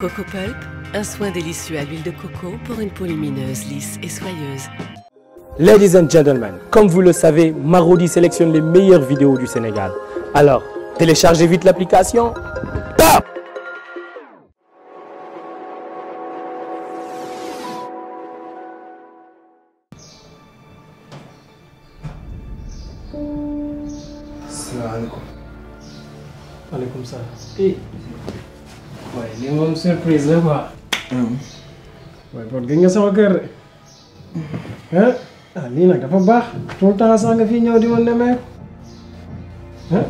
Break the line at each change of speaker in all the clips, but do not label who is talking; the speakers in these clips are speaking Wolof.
Coco Pulp, un soin délicieux à l'huile de coco pour une peau lumineuse, lisse et soyeuse.
Ladies and gentlemen, comme vous le savez, Marodi sélectionne les meilleures vidéos du Sénégal. Alors, téléchargez vite l'application.
Salam
alaikum. Alaikum salam. moom surprise la quoi. waaye kon gis nga sama kër de. ah ah lii nag dafa baax tout le temps sax nga fii ñëw di ma nemmeeku ah.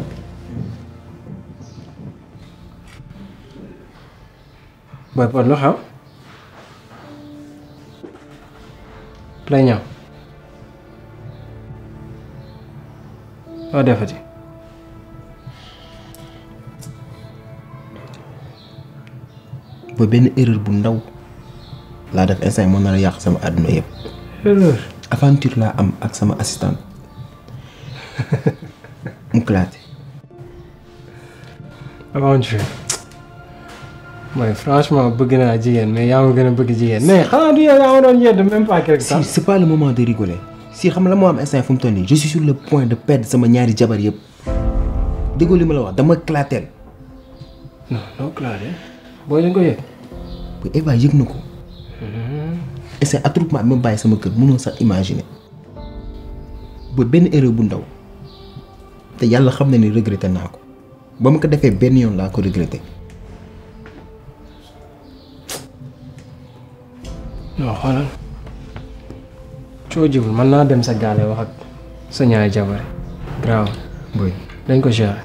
booy Pod plaignant. xaw. defati.
ba benn erreur bu ndaw laa def instant yi na la yàq sama àdduna yëpp. erreur aventure laa am ak sama assistant mu claté.
aventure mooy
franchement bëgg naa jigéen mais yaa ma gën a bëgg jigéen mais xanaa du yow yaa ma doon yedd même pas quelque temps. si c'est pas le moment de rigoler si xam la moo am instant fu mu toll sur le point de perdre sama ñaari jabar yëpp déggoo li ma la wax dama claté. mais Eva yëg na ko. Mhm. et c'est bi ma bàyyi sama kër mënoo sax imaginer ba benn erreur bu ndaw te yàlla xam na ni regretté naa ko ba ma ko defee benn yoon laa ko regretté. non
xoolal coojiwul mën naa dem sa gaale wax ak sa ñaari jabar. grave booy dañ
ko gérer.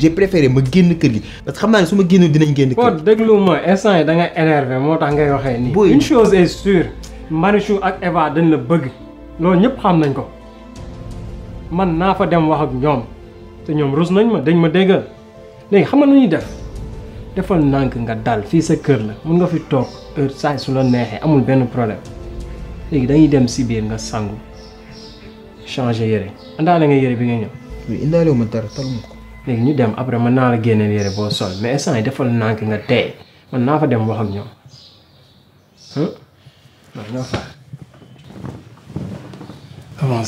j'ai préféré ma génn kër gi parce que xam naa ne su ma génn dinañ génn kër gi. déglu ma instant yi da
nga énervé moo tax ngay waxee ni une
chose est sûre Marichou
ak Eva dañ la bëgg loolu ñëpp xam nañ ko man naa fa dem wax ak ñoom te ñoom rus nañ ma dañ ma déggal léegi xam nga nu def defal nànk nga dal fii sa kër la mun nga fi toog heure saa su la neexee amul benn problème léegi dañuy dem si biir nga sangu changé yére andaale nga yére bi nga ñëw. léegi ñu dem après mën naa la génneel yére boo sol mais instant yi defal nànk nga tey man naa fa dem wax ak ñoom hmm? waaw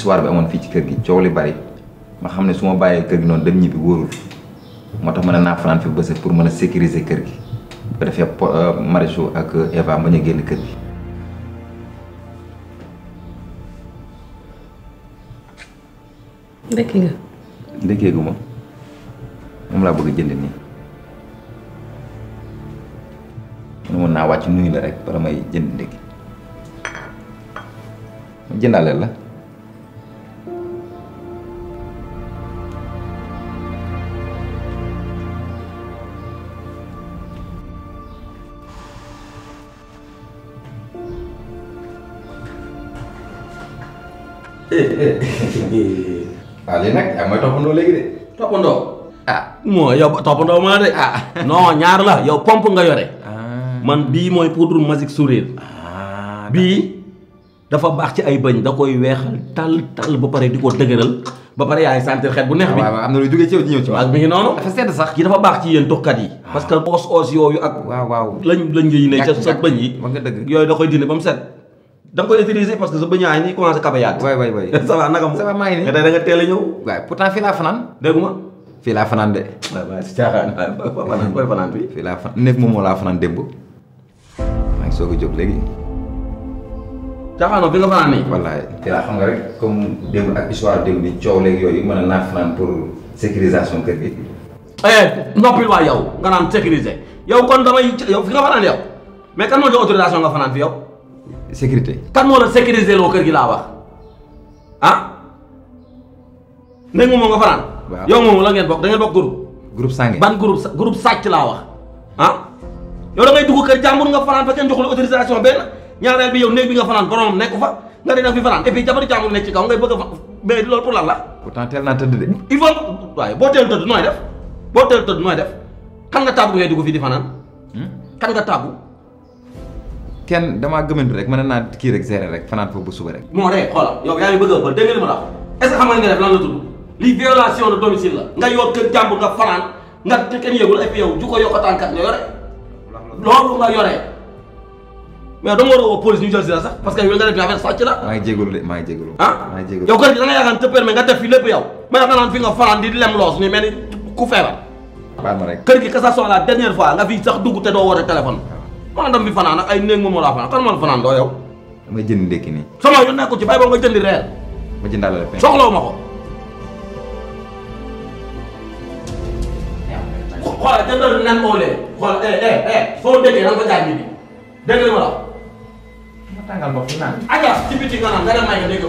histoire bi amoon fii ci kër gi coow li bari ma xam ne su ma bàyyee kër gi noonu dem ñibbi wóorul moo tax mën a naa fanaan fi bësët pour mën a sécuriser kër gi bu ko defee
euh, Marichou ak euh, Eva ma ñu génn kër gi. ndekki nga. ndekkeegu ma moom laa bëgg jënd nii. mën naa wàcc nuyu la rek bala may jënd ndekki ma jëndaale la. waaw lii nag yaa mooy toppandoo léegi de. toppandoo. ah moo yow toppandoo maa de ah. non ñaar la yow pompe nga yore. man bii mooy poudre magique sourire. bii dafa baax ci ay bëñ da koy weexal tal tal ba pare di ko dëgëral ba pare yaay sentir xet bu neex bi. Ah, waaw am noonu. dafa sedd sax kii dafa baax ci yéen tuxkat yi. Ah. parce que os os yooyu ak. waaw waaw lañ lañ yi ne ca sa bëñ yi. dëgg yooyu da koy dindi ba mu set. da nga koy utiliser parce que sa bëñ yaa ngi commencé kabayaat. waay waay waay ça va naka mu. ça va maa ngi nii da nga teel a ñëw. waaw pourtant fii laa fanaan. dégg fii laa fanaan de. fii laa fanaan nekk moom moo laa fanaan comme démb ak histoire démb bi coow léegi yooyu mën naa fanaan pour sécurisation kër gi. Eh, noppil waa yow nga naan sécuriser yow kon damay yow fi nga fanaan yow mais kan moo jox autorisation nga fanaan fi yow sécurité. kan moo la sécuriser loo kër gi laa wax ah. néeg moom nga fanaan. waaw yow moom la ngeen bokk da ngeen bokk groupe. groupe sànge ban groupe groupe sàcc laa wax ah. yow da ngay dugg kër jàmbur nga fanaan fa kenn joxul autorisation benn ñaareel bi yow néeg bi nga fanaan borom fa nga dina fi fanaan et puis jabaru jàmbur nekk ci kaw ngay bëgg a fa loolu pour lan la.
pourtant teel naa tëdd de.
il waaye boo teel tëdd nooy def boo teel tëdd nooy def kan nga tàggu ngay dugg fii di fanaan hmm? kan nga tàggu.
kenn damaa gëmantu rek mën naa kii rek gérer rek fanaan foofu ba suba rek.
moo rek xoolal yow yaa ngi bëgg a ëppal dégg nga li ma la wax est-ce que xam nga li nga def lan la tudd lii violation de domicile la nga yor kër jàmbur nga fanaan nga kenn yëgul ay fi yow ju ko yokkataankat nga yore loolu nga yore mais dama war a woo police ñu jël si la sax parce que yow nga def maa
ngi jégalu de ah? nga
yaakaar ne tëppeel mais nga def fi lépp yow ma yaakaar naa fi nga fanaan di lem loos ni mel ku feebar. baal ma kër gi que ça soit la dernière fois nga fi sax dugg te doo woote man dem bi fanaan ay néeg moom moo laa fanaan kan man fanaan doo ma jëndaale la pexe ma ko. xoolal jëndal nen au lait xool eh eh eh foo déggee na nga ko jaay nit ñi dégg nga ma la.
ma tàngal bopp naan.
aywa ci biti nga naan nga dem may nga dégg ko.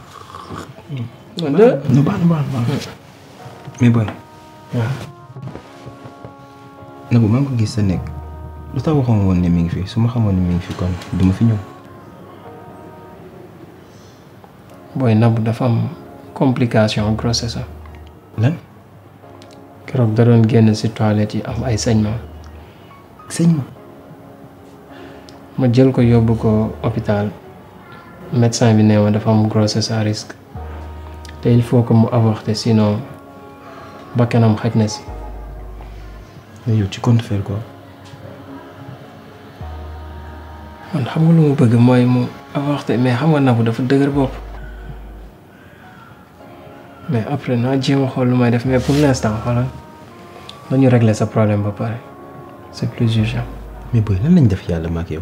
Deux. No baax na baax na baax mais booy. waaw.
Nabou maa ngi ko gis sa nekk lu tax waxoon woon ne mi ngi fi su ma xamoon ne mi ngi fi kon du ma fi ñëw.
booy Nabou dafa am complication grossesse am. lan. keroog da doon génn si toilette yi am ay saignement. saignement. ma jël ko yóbbu ko hôpital médecin bi nee ma dafa am grossesse à risque. te il faut que mu avorté sinon bakkanam xaj na si. mais yow tu comptes faire quoi. man xam nga lu mu bëgg mooy mu avorté mais xam nga Nabou dafa dëgër bopp mais après naa jéem a xool lu may def mais pour l' instant xoolal nañu régler sa problème ba pare c' est plus urgent.
mais booy lan lañ def yàlla ma yow.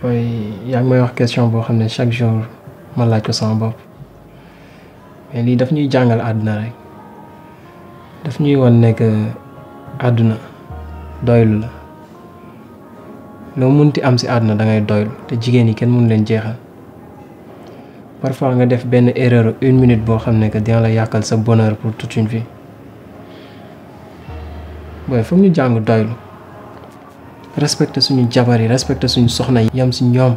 booy yaa ngi may wax question boo xam ne chaque jour. ma laaj ko sama bopp mais lii daf ñuy jàngal àdduna rek daf ñuy wan nekk àdduna doylu la loo munti am si àdduna da ngay doylu te jigéen yi kenn mënu leen jeexal parfois nga def benn erreur une minute boo xam ne que dina la yàqal sa bonheur pour toute une vie booy foog ñu jàng doylu respecter suñu jabar yi respecter suñu soxna yam si ñoom.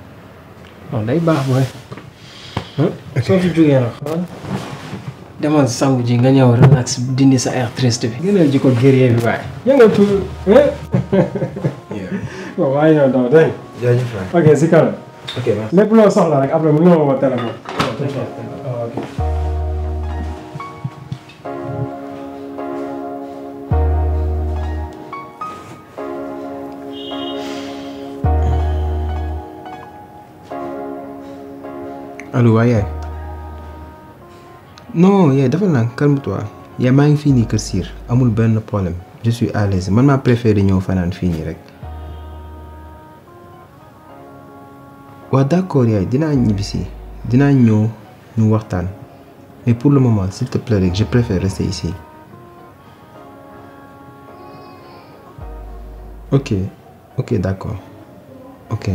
non day baax booy. soo fi jógee nag xool. demoon sangu ji nga ñëw relax dindi sa air triste bi. gënal ji ko guerrier waaye. yëngal tuuti. Eh? waaw waaye ok si kanam. ok merci lépp loo mu ñëw ma téléphone.
allo waay yaay non yaay dafa calme-toi yaay maa ngi fini, nii Kër Siir amul problème je suis à l'aise man maa préféré ñëw fanaan fini. nii rek waaw d'accord yaay dinaa ñibbisi dinaa ñëw ñu waxtaan mais pour le moment s'il te plaît je préfère rester ici ok ok d'accord ok.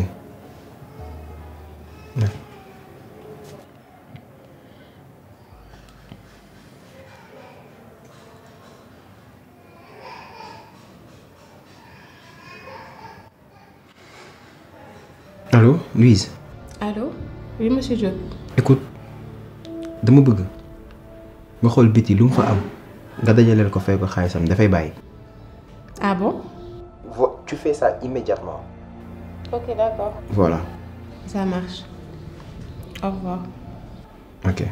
Allô, Louise
Allô Oui, monsieur Diop.
Écoute, dama bëgg nga xool biti lu mu fa Je nga dajaleel ko fay ko je dafay bàyyi. ah bon. tu fais ça immédiatement. ok d'accord. voilà.
ça marche. au revoir. ok.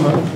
diploma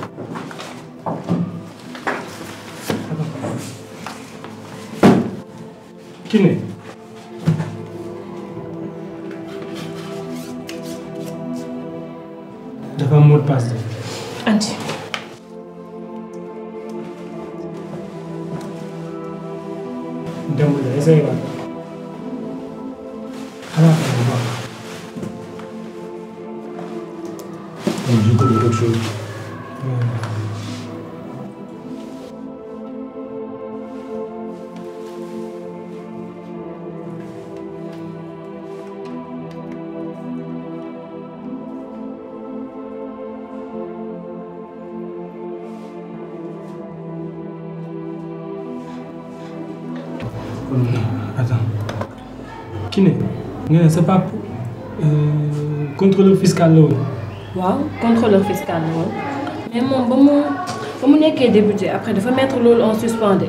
Qui ne C'est pas pour... Euh, contrôleur fiscal
la contrôleur fiscal la mais mon bon mu ba mu nekkee débuté après faut mettre l'eau en suspendé.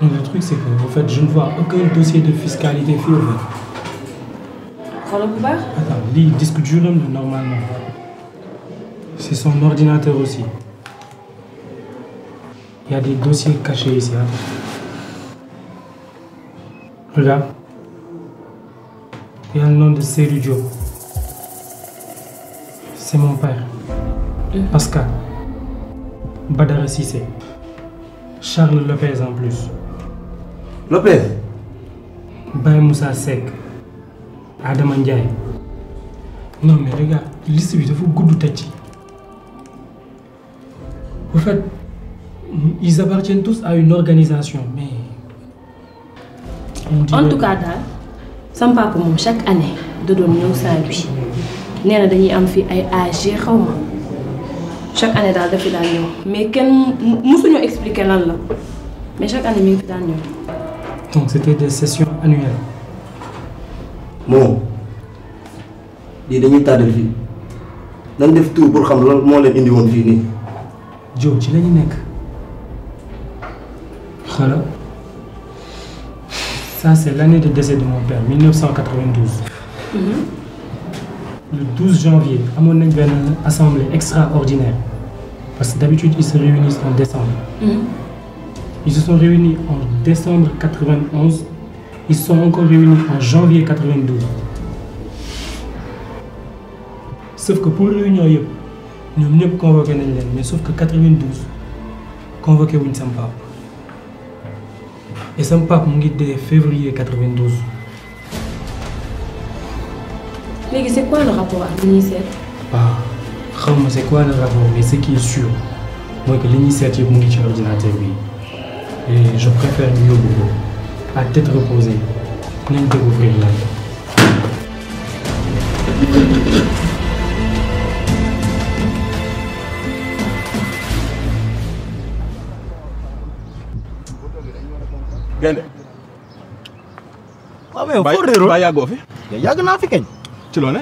le truc c'est que en fait je ne vois aucun dossier de fiscalité fii ouvert.
xoolal attends
lii discute dur normalement c'est son ordinateur aussi il y a des dossiers cachés ici hein. Regarde. Il y a le nom de Serudio. C'est mon père. Mmh. Pascal. Badara Sissé. Charles Lopez en plus. Lopez Bay Moussa Seck. Adama Ndiaye. Non mais regarde, liste de vous goudou tëj. En fait, ils appartiennent tous à une organisation, mais
en tout cas ça sama papa moom chaque année de doon ça Saint-Louis nee na dañuy am fi ay AG xaw chaque année daal dafi daan ñëw mais kenn mësuñu expliquer lan la mais chaque année mi fi
donc c'était des sessions annuelles.
moom lii dañuy tardé fii nan def tout pour xam loolu moo leen indi woon fii nii. Diop ci la ñu nekk
ça, c'est l'année de décès de mon père, 1992. Mhm. Le 12 janvier, à mon une assemblée extraordinaire. Parce que d'habitude, ils se réunissent en décembre. Mhm. Ils se sont réunis en décembre 91. Ils sont encore réunis en janvier 92. Sauf que pour réunion, nous sommes convoqués, mais sauf que 92, convoqué une Papa et sama papa mu ngi dee février 92.
Mais c'est quoi le rapport avec li ñuy
waaw c'est quoi le rapport mais ce qui est sûr moi que li ñuy seet yëpp mu ngi ordinateur bi et je préfère mieux yóbbu ko à tête reposée nañ découvrir lan.
gaynde waaw ah, mais foo ba yàggoo fi. yàgg naa fi keñ. ci loo ne.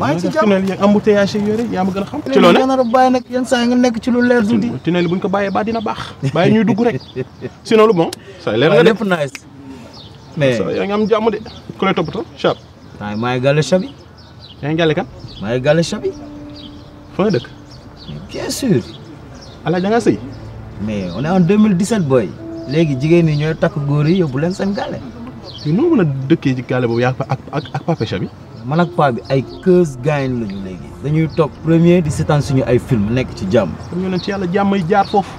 maa ngi ci jàmm tunnel yi embouteillage yore yaa ma gën a xam. ci loo ne nga bàyyi nag yenn saa yi nekk ci lu leer dund. tunnel bu ñu ko bàyyee ba dina baax. bàyyi ñuy dugg rek sinon lu bon. saa leer nga de waaw lépp mais saa yaa ngi am jàmm de ku lay toppatoo Chab. waaye maa ngi gàlle Chabi. yaa ngi kan. maa ngi gàlle Chabi. fa nga dëkk. bien sûr. Alaaji da ngaa sëy. mais on est en 2017 boy. léegi jigéen ñi ñooy takk góor yi yóbbu leen seen gàlle mais noo mën a dëkkee ci gaale boobu yaa ak ak ak Papa Chabi. man ak paa bi ay keus gaañ lañu léegi. dañuy toog premier di seetaan suñu ay film nekk ci jàmm. kon ñu ne ci yàlla jàmm yi jaar foofu.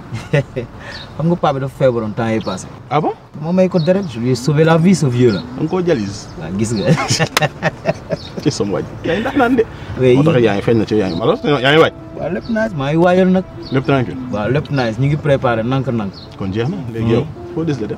xam nga paa bi dafa feebaroon temps yi passé. ah bon. moo may ko deret je lui ai sauvé a vie sa vieux koo jalis. waaw ah, gis nga. ci sama yaa ngi ndax naan de. oui na ci yaa ngi alors yaa maa ngi waajal nag. lépp tranquille. waaw lépp nice ñu ngi préparé nank nan kon jeex na léegi hmm. yow foo des la def.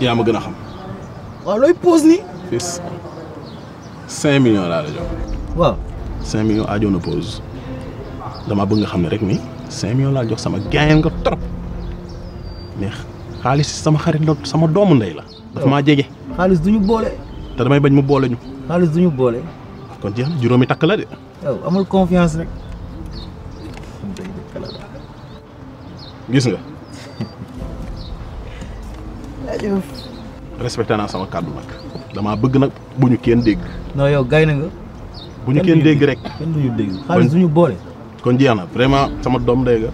yaa ma gën a xam. waaw looy pause nii. fils cinq millions laa la waaw. cinq millions aajoon damaa bëgg nga xam ne rek ni cinq laa jox sama gaayeen nga trop mais xaalis sama xarit la sama doomu ndey la. daf maa jege. xaalis du ñu boole. te damay bañ mu boole ñu. xaalis du ñu boole. kon jeex na juróomi takk la de.
yow amul confiance rek. gis nga. Diouf.
respecté naa sama kàddu nag damaa bëgg nag bu ñu kenn dégg. non yow gay nga.
bu ñu kenn dégg rek
kenn duñu dégg xaalis duñu boole. kon jeex na vraiment sama doom day nga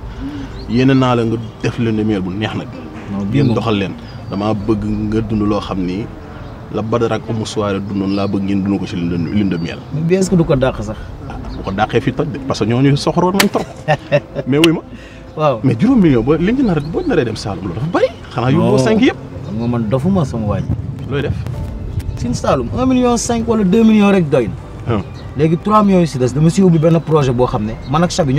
yéene naa la nga def leen lumière bu neex nag.
non ngeen doxal
leen damaa bëgg nga dund loo xam ni la Badara ak Oumou Souare dundoon laa bëgg ngeen dund ko ci lune de miel. mais du ko dàq sax. Ah, bu ko dàqee fii toj de parce que ñooñu soxoroon nañ trop mais wuy ma. waaw mais juróom million ba li ñu nar boo naree dem Saalum loolu dafa bari. xanaa yóbbu yëpp. xam nga man dofuma sama faire looy def Sine un million cinq wala millions rek doy na 3 hum. millions ici.. Je dama un projet Je suis en man ak Chabi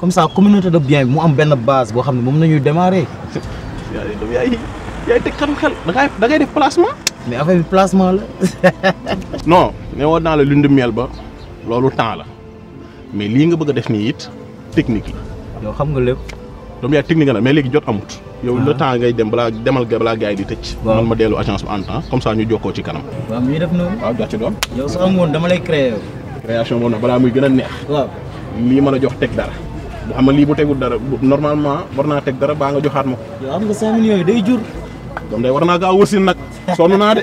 comme ça communauté de bien mu am base nous ne démarrer Tu as des xam mais avec des placements non je suis la lune de miel ba temps la mais ce nga technique la yow technique la mais pas yow le temps ngay dem balaa demal balaa gars di tëj. man ma dellu agence bi en comme ça ñu jokkoo ci kanam. waaw mu ngi def noonu. waaw jox ci doom. yow soo amoon dama lay créer. création boobu nag balaa muy gën a neex. lii ma la jox teg dara. bu xam nga lii bu tegul dara normalement war naa teg dara baa nga joxaat ma ko. yow am nga 5 millions yooyu day jur. comme day war naa gaaw wëssin nag sonn naa de.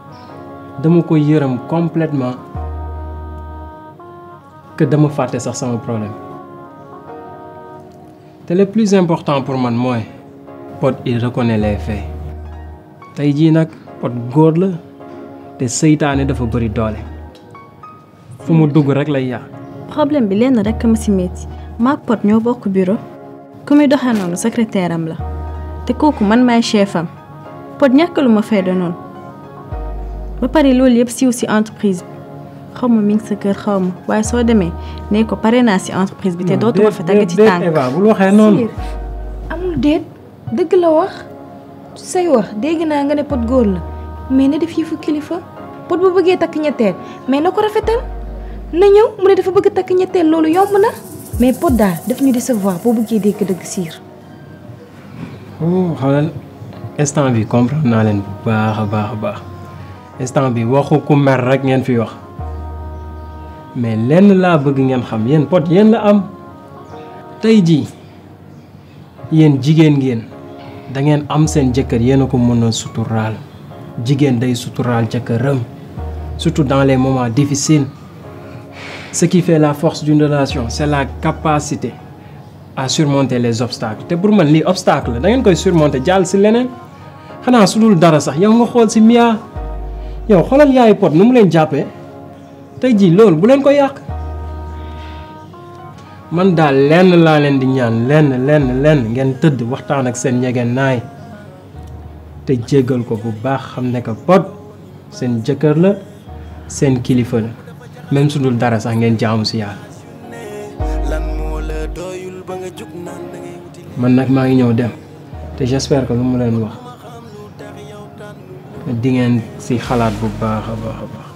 dama ko yërëm complètement que dama fàtte sax sama problème te le plus important pour man mooy Pod il reconnaît les faits tey jii nag Pod góor la te seytaane dafa bëri doole fu mu dugg rek lay yàq
problème bi lenn rek ma si metti maag Pod ñoo bokk bureau ku muy doxee noonu secrétaire am la te kooku man maay chef am Pod ñàkk lu ma fayda noonu ba pare loolu yëpp siiw si entreprise bi xaw ma mi ngi sa kër xaw ma waaye soo demee ne ko pare naa si entreprise bi te dootuma fa nga ci tànk Eva bul waxee noonu lu déet dëgg la wax say wax dégg naa nga ne pot góor la mais na def fu kilifa pot bu bëggee takk ñetteel mais na ko rafetal na ñëw mu ne dafa bëgg takk ñetteel loolu yomb na mais pot daal daf ñu décevoir boo bëggee dégg dëgg siir
oh xoolal instant bi comprendre naa leen bu a baax baax instant bi waxu ku mer rek ngeen fi wax mais lenn la bëgg ngeen xam pot la am ngeen da ngeen am ko surtout dans les moments difficiles ce qui fait la force d'une relation c'est la capacité à surmonter les obstacles te pour man obstacle da ngeen koy surmonter si leneen yow xoolal yaayu pot nu mu leen jàppee tey jii loolu bu leen ko yàq man daal lenn laa leen di ñaan lenn lenn lenn ngeen tëdd waxtaan ak seen ñegeen naay te jéggal ko bu baax xam ne que pot seen jëkkër la seen kilifa la même su dara sax ngeen jaamu si yàlla. man nag maa ngi ñëw dem te j'espère que lu mu leen wax. di si xalaat bu baax a baax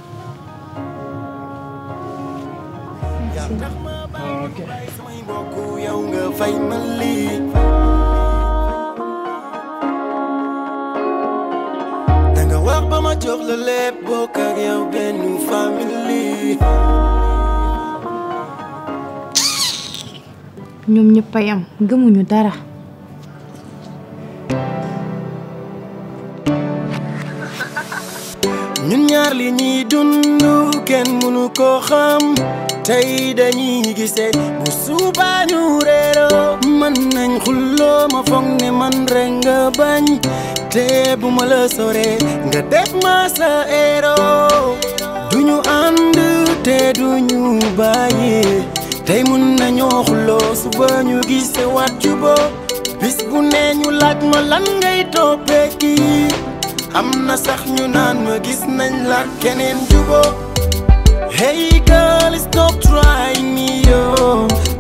danga wax ba ma jox la lépp bokk ak benn famille.
ñoom ñëpp yam gëmuñu dara.
li ñuy dund kenn mënu ko xam tey dañuy gisee bu suba ñu réeroo mën nañ xulloo ma foog ne man rek nga bañ te bu ma la soree nga def ma sa eroo duñu ànd te duñu bàyyi tey mun nañoo xulloo suba ñu gisee wàccu bo bis bu ne ñu laaj ma lan ngay toppee am na sax ñu naan ma gis nañ la keneen juboo hey girl stop trying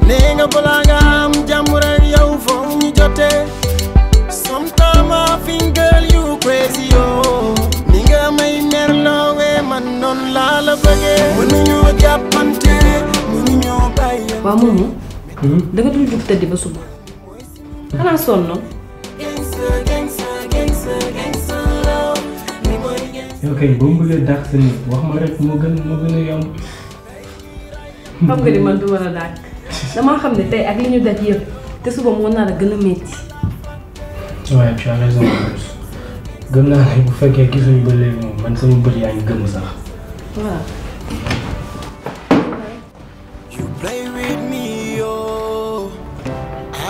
nee nga balaa nga am jàmm rek yow foog ñu jotee sometimes I think girl you crazy yo ni nga may mer man noonu laa la bëggee mënuñoo jàppante mënuñoo bàyyi waaw moomu hmm? da nga dul tëdd ba suba xanaa sonn
yow kay boo
bëggee dàq sa nit wax ma rek moo gën moo gën a yomb. xam nga ni man du
war a dàq damaa xam ne tey ak li ñu daj yëpp te suba moo nar la gën a métti.
waaye tu as raison gëm naa ne bu fekkee gisuñu ba léegi moom man sama bët
yaa ngi gëm sax. waaw. Oh.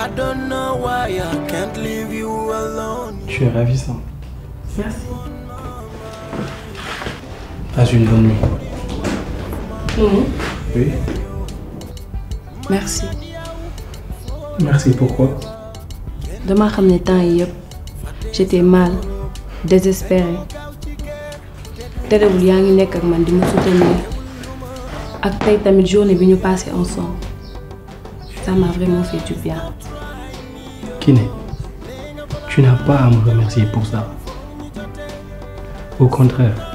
I don't know why I can't leave you
alone. Tu es ravissant. Merci. Passe une bonne nuit. Mhm. Oui. Merci. Merci, pourquoi
Demain, je temps j'étais mal, désespérée. je yaa ngi nekk ak man di me soutenir ak tay tamit journée bi ñu passé ensemble ça m'a vraiment fait du bien.
Kiné tu n'as pas à me remercier pour ça au contraire.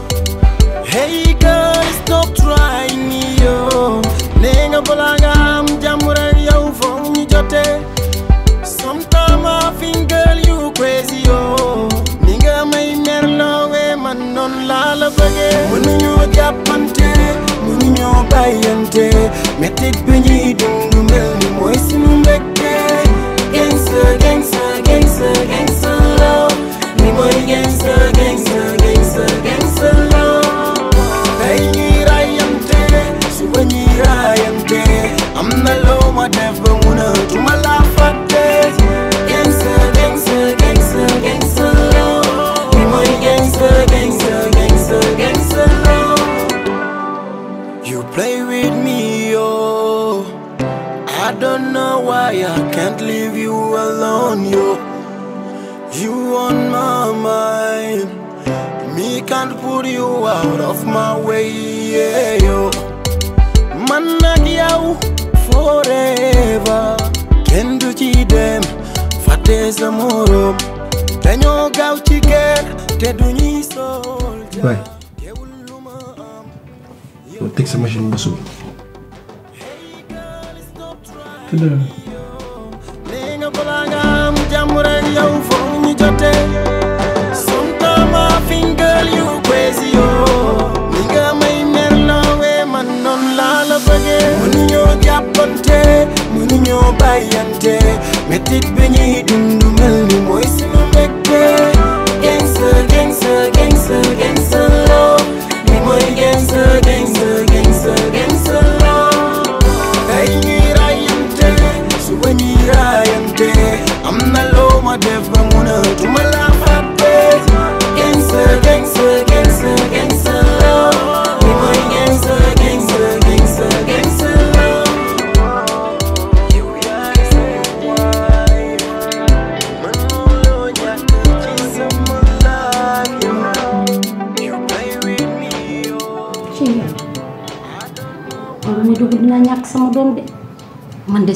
Hey girl, stop trying me, yo Nee nga bala nga am jàmm rek yow foog ñu jote Sometimes I think girl you crazy, yo Ni nga may mer loowe man noon laa la bëggee Mënuñoo jàppante, mënuñoo bàyyante Mettit bi ñuy dund mel ni mooy sunu mbégte Gangsta, gangsta, gangsta, gangsta love Ni mooy gangsta, gangsta, gangsta, gangsta لسه ماشي المسؤول كده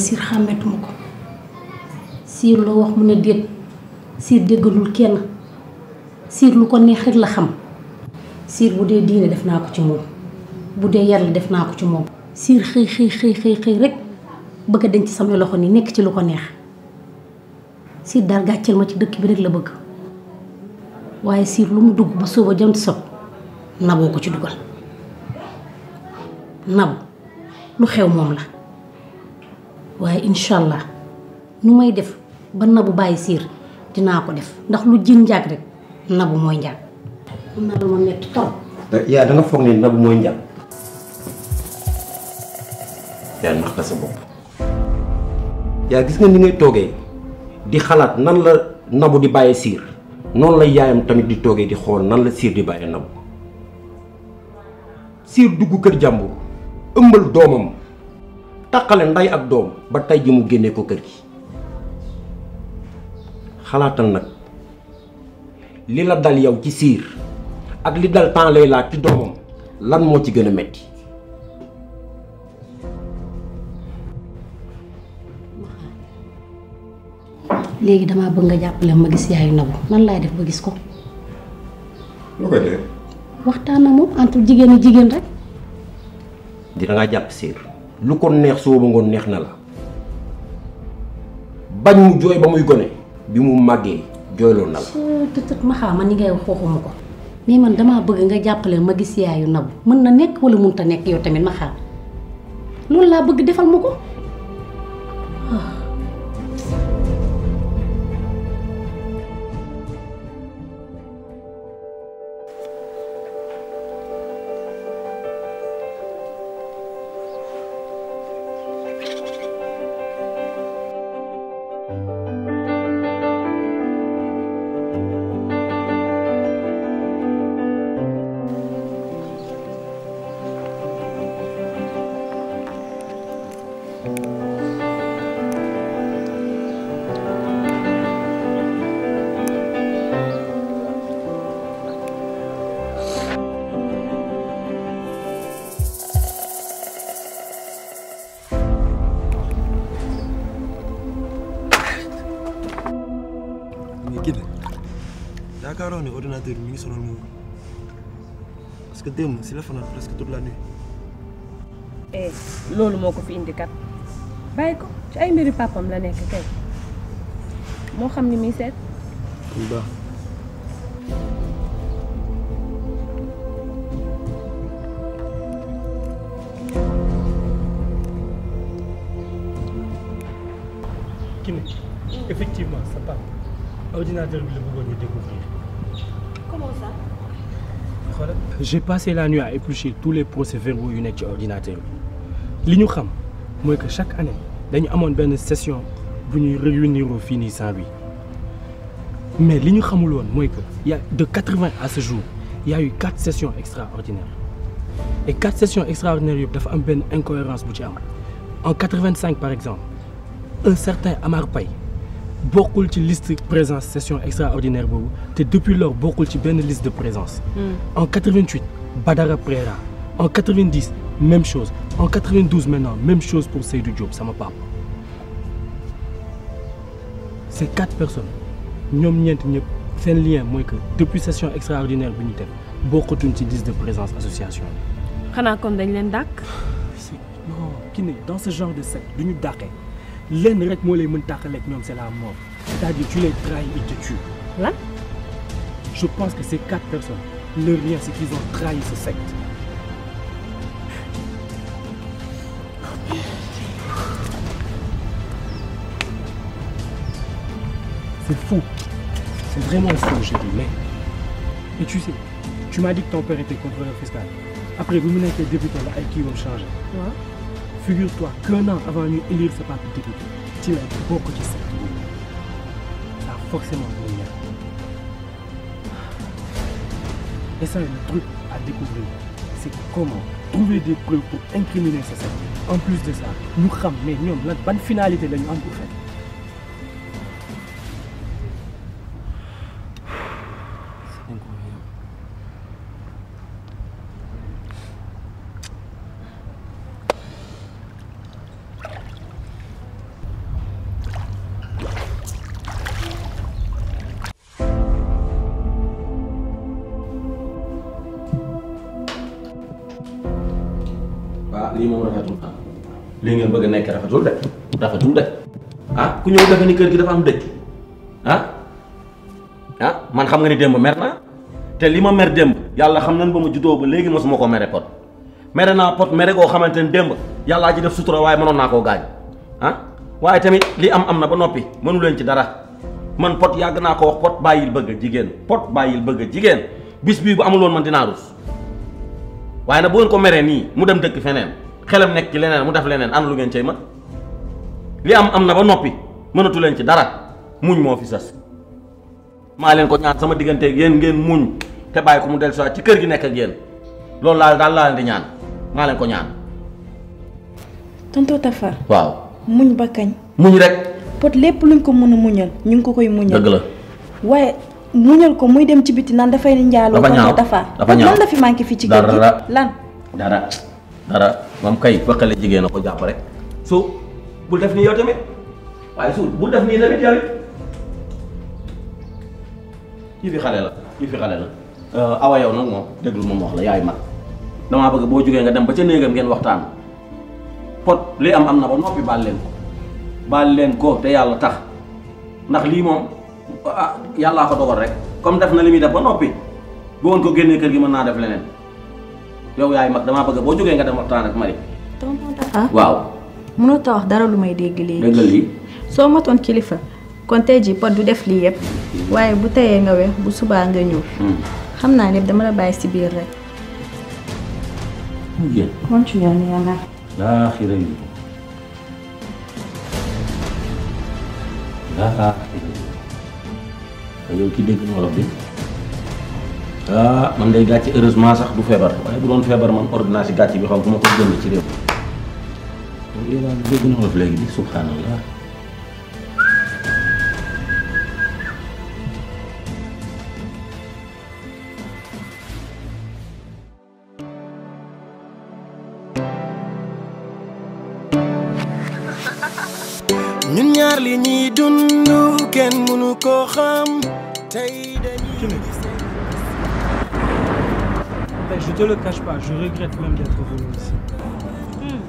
siir xàmmetuma ko siir loo wax mu ne déet siir déggalul kenn siir lu ko neex rek la xam siir bu dee diine def naa ko ci moom bu dee yàlla def naa ko ci moom siir xëy xëy xëy xëy bëgg a denc samay loxo ni nekk ci lu ko neex siir daal gàcceel ma ci dëkk bi rek la bëgg waaye siir lu mu dugg ba sóoba jant sot naboo ko ci dugal nabu lu xew moom la waye inshallah allah nu may def ba nabu baye sir dina ko def ndax lu jinn jak rek nabu mooy njaag nabu mo net trop.
Eh, ya da nga foog ne nabu moy njaag. yaa nak nga sa bop ya gis nga ni ngay toogee di xalat nan la nabu di baye sir non la yayam tamit di toogee di xol nan la sir di baye nabu sir duggu keur jàmbur eumbal domam taqale nday ak doom ba tey ji mu génnee ko kër gi xalaatal nag li la dal yow ci siir ak li dal temps lay ci doomam lan moo ci gën a metti
léegi damaa bëgg nga jàppale ma gis yaayu nabu nan laay def ba gis ko. loo waxtaan na moom entre jigéen ak jigéen rek.
dina nga jàpp siir. lu ko neex soo ba ngoon neex na la bañ mu jooy ba muy gone bi mu màggee jooyloon na la.
tëtët ma xaama ni ngay waxuma ko mais man damaa bëgg nga jàppale ma gis yaayu nabu mën na nekk wala mënut a nekk yow tamit ma xaam loolu laa bëgg defal ma ko. Ah.
ne o de n'a sonal dumuni parce que dem den la fana presque toute l'année
eh loolu moko fi indi kat bayiko ci ay mbiri papam la nek kay mo xam ni muy seet
baax effectivement, ça part. Ordinateur, vous le découvrir.
Comment ça
J'ai passé la nuit à éplucher tous les procès-verbaux yu nekk que chaque année nous avons une session pour nous réunir au finissant sans lui mais li que de 80 à ce jour il y a eu 4 sessions extraordinaires et 4 sessions extraordinaires y dafa am une incohérence en 85 par exemple un certain Amar Paye de ci liste présence session extraordinaire boobu depuis lors beaucoup ci benn liste de présence. Hmm. en 88 Badara Préra en 90 même chose en 92 maintenant même chose pour Seydou Diop sama pas ces quatre personnes nous ñeent un lien moins que depuis session extraordinaire bi ñu de présence association bi.
xanaa que vous leen
non qui dans ce genre de secte nous d'arrêt. L'un rek moo lay mën c'est la mort c'est-à-dire tu les trahis et te tues. je pense que ces quatre personnes le rien c'est qu'ils ont trahi ce secte. c'est fou c'est vraiment fou j'ai dit. mais et tu sais tu m'as dit que ton père était contrôleur fiscal après vous m'avez été député là, qui qui vont vont changer figure-toi qu'un an avant lui élire ce pape tu tu l'as de beaucoup de ça a forcément rien. et ça le truc à découvrir c'est comment trouver des preuves pour incriminer ces gens. en plus de ça nous xam mais bonne la finalité la ñu am
ku ñew dafa ni kër gi dafa am dëj ah ah man xam nga ni demb merna te mer demb yalla xam nañ ba ma juddoo ba legi mosuma mako méré pot méré na pot méré koo xamante demb yalla ji def sutura way mënon naa koo gaañ ah tamit li am amna ba nopi mënu leen ci dara man pot yag na ko wax pot bayil bëgg jigen pot bayil bëgg jigen bis bi bu amul won man dina rus waye na bu ko méré ni mu dem dëkk fenen xelam nek ci lenen mu def lenen lu ngeen cey ma li am amna ba nopi mënatu leen ci dara muñ mo fi sass ma leen ko ñaan sama digënté ak yeen ngeen muñ té bay ko mu dellu ci kër gi nek ak yeen lool laa dal laa di ñaan ma leen ko ñaan. Tafa. waaw
muñ ba kañ. muñ rek. pot lepp luñ ko mëna muñal ñu ngi ko koy muñal. deug la waye muñal ko muy dem ci biti naan dafay njaaloo. dafa ñaaw dafa lan la fi manki fi ci kër gi
lan. dara dara mam kay bakale ko japp rek so bu def ni yow tamit waaye su bu def nii tamit yow yi fi xale la yi fi xale la awa yow nag moom déglu moom wax la yaay mag damaa bëgg boo jógee nga dem ba ca néegam ngeen waxtaan pot li am am na ba noppi Balen leen ko baal leen ko te yàlla tax ndax lii moom ah ko dogal ah, rek comme def na li muy def ba noppi bu woon ko génnee kër gi mën naa def leneen yow yaay mag damaa bëgg boo jógee nga dem waxtaan ak mari.
tonton waaw. mënoo ta wax dara lu may dégg soo motoon kilifa kon tey jii pot du def lii yëpp waaye bu teyee nga weex bu subaa nga ñuul. Hmm. xam naa lépp dama la bàyyi si biir rek. mu jël continué na yàlla.
yow ki dégg wolof bi ah man day gàcce heureusement sax du feebar waaye bu doon feebar man ordonnance gàcce bi xam fu ma ko jënd ci réew. yow yaa dégg na wolof léegi subhanallah
dund kenn mënu ko xam tey dañuy je te le cache pas,
je regrette même d'être venu ici. Hmm.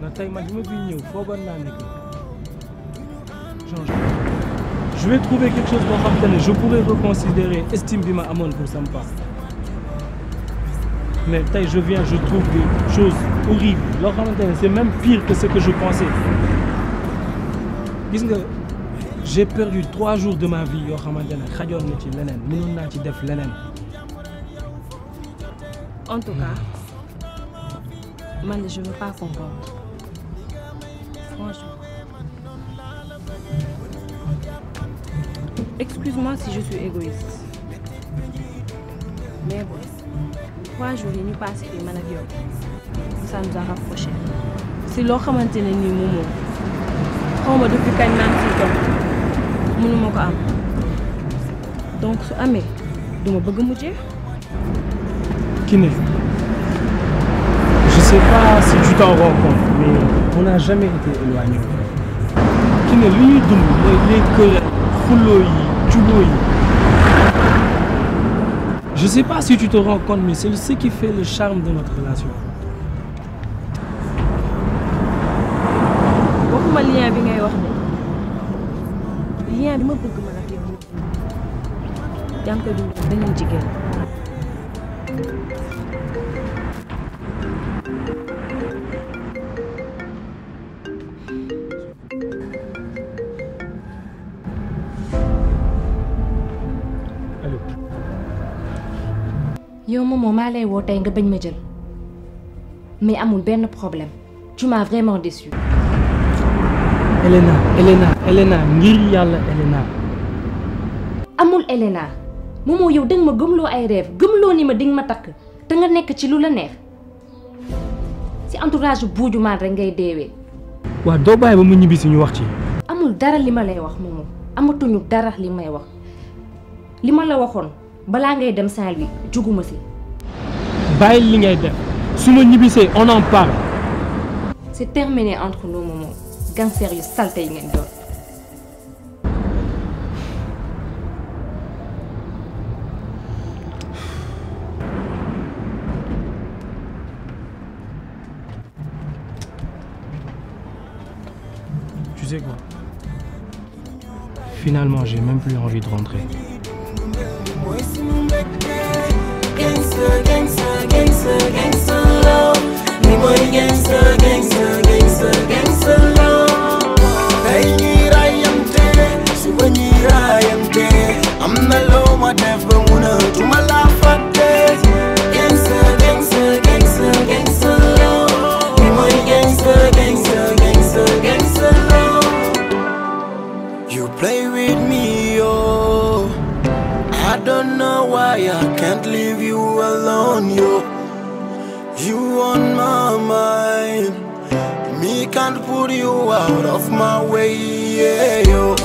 ndax tey man bi ma fiy ñëw foogoon naa ne je vais trouver quelque chose pour xam je pourrais reconsidérer estime bi ma amoon pour sama mais tey je viens je trouve des choses horribles loo c'est même pire que ce que je pensais gis nga j'ai perdu trois jours de ma vie yoo xamante ne xajoon na ci leneen mënoon naa ci def leneen.
en tout cas man je veux pas comprendre franchement. excuse-moi si je suis égoïste mais bon trois jours yi ñu passé et man ak ça nous a rapprochés. si loo xamante ne nii xaw ma depuis kañ maa ngi siy am donc su amé du ma bëgg Qui jeex.
Kiné je sais pas si tu t'en rends compte mais on n'a jamais été éloigné. Kiné li ñuy dund mooy les querelles xuloo yi juboo yi. je sais pas si tu te rends compte mais c'est ce qui fait le charme de notre relation.
li ma bëgg man ak yow nit ñi yaa ngi koy dund beneen jigéen.
yow nga bañ ma jël mais amul benn problème tu m'as vraiment déçu.
Elena
amul Elena moomoo yow danga ma gëmloo ay reef gëmloo ni ma dinga ma takk te nga nekk ci lu la neex si entourage buuju maan rek ngay deewee.
waa doo bàyyi ba mu ñibbi ñu wax ci.
amul dara li ma lay wax moomoo amatuñu dara li may wax li ma la waxoon balaa ngay dem Saint-Louis juguma si.
bàyyi li ngay def su ma ñibbisee on en parle.
c'est entre nous moomoo. gangster yu salte yi ngeen doon.
Tu sais quoi Finalement, j'ai même plus envie de rentrer.
Gangster, gangster, gangster, gangster love. Me boy gangster, gangster. out of my way, yeah, yo.